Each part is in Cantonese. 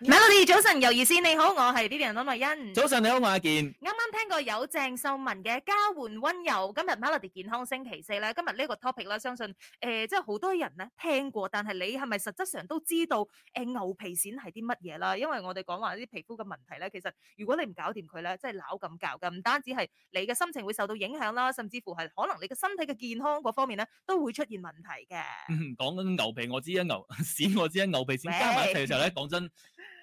Melody 我哋早晨，尤如是你好，我係呢邊嘅羅慧欣。早晨你好，我阿健。聽過有鄭秀文嘅《交換溫柔》？今日 Melody 健康星期四咧，今日呢個 topic 咧，相信誒，即係好多人咧聽過，但係你係咪實質上都知道誒牛皮癬係啲乜嘢啦？因為我哋講話啲皮膚嘅問題咧，其實如果你唔搞掂佢咧，即係扭咁搞噶，唔單止係你嘅心情會受到影響啦，甚至乎係可能你嘅身體嘅健康嗰方面咧都會出現問題嘅。講緊牛皮，我知啊；牛屎我知啊。牛皮癬加埋一齊嘅時候咧，講真。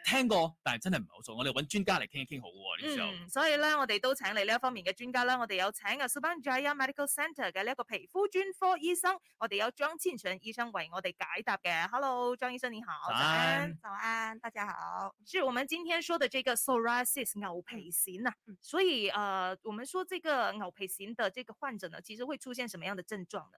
聽過，但係真係唔係好熟。我哋揾專家嚟傾一傾好嘅喎呢時候。嗯、所以咧，我哋都請你呢一方面嘅專家啦。我哋有請 Subang Jaya Medical Centre 嘅呢一個皮膚專科醫生，我哋有張建全醫生為我哋解答嘅。Hello，張醫生你好早，早安，早安，大家好。是我們今天說的這個 Psoriasis 牛皮癬、啊。啦、嗯。所以，呃，我們說這個牛皮癬的這個患者呢，其實會出現什麼樣的症狀呢？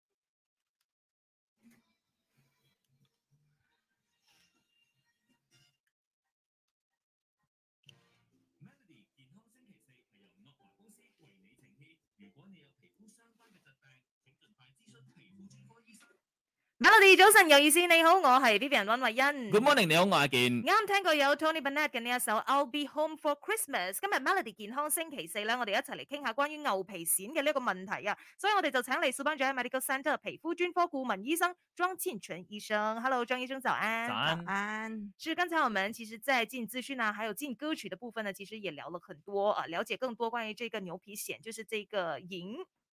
Melody 早晨有意思，你好，我係 Vivian 溫慧欣。Good morning，你好，我係阿健。啱聽過有 Tony Bennett 嘅呢一首 I'll Be Home for Christmas。今日 Melody 健康星期四咧，我哋一齊嚟傾下關於牛皮癬嘅呢一個問題啊。所以我哋就請嚟 Subang Medical Center 皮膚專科顧問醫生莊建全醫生。Hello，莊醫生早安。早安。所以剛才我們其實，在進資訊啊，還有進歌曲嘅部分呢，其實也聊了很多啊，了解更多關於這個牛皮癬，就是這個影。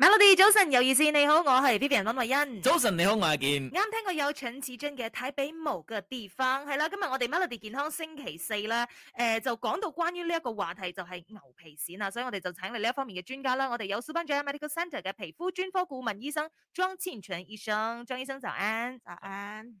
Melody 早晨，有意思，你好，我係 Vivian 林慧欣。早晨，你好，我係健。啱聽過有搶紙樽嘅睇比毛嘅地方，係啦，今日我哋 Melody 健康星期四啦，誒、呃，就講到關於呢一個話題就係牛皮癬啦，所以我哋就請嚟呢一方面嘅專家啦，我哋有小班長 Medical Center 嘅皮膚專科顧問醫生莊千全醫生，莊醫生早安，早安。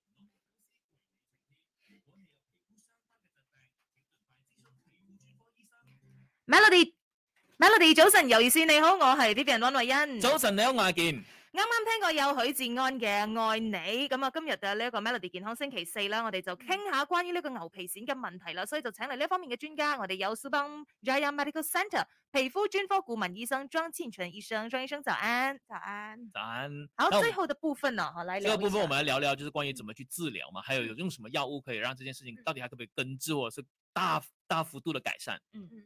Melody，Melody，Melody，早晨，尤醫師，你好，我係呢邊 e 慧欣。早晨，你好，阿健。啱啱聽過有許志安嘅愛你，咁啊，今日嘅呢一個 Melody 健康星期四啦，我哋就傾下關於呢個牛皮癬嘅問題啦，所以就請嚟呢方面嘅專家，我哋有 Subang Jaya Medical Center 皮膚專科顧問醫生莊千全醫生，莊醫生早安，早安，早安。好，最後的部分啊，好來。呢二部分，我哋嚟聊聊，就是關於怎麼去治療嘛、嗯，還有有用什麼藥物可以讓這件事情到底可唔可以根治，或者是大、嗯、大幅度嘅改善？嗯嗯。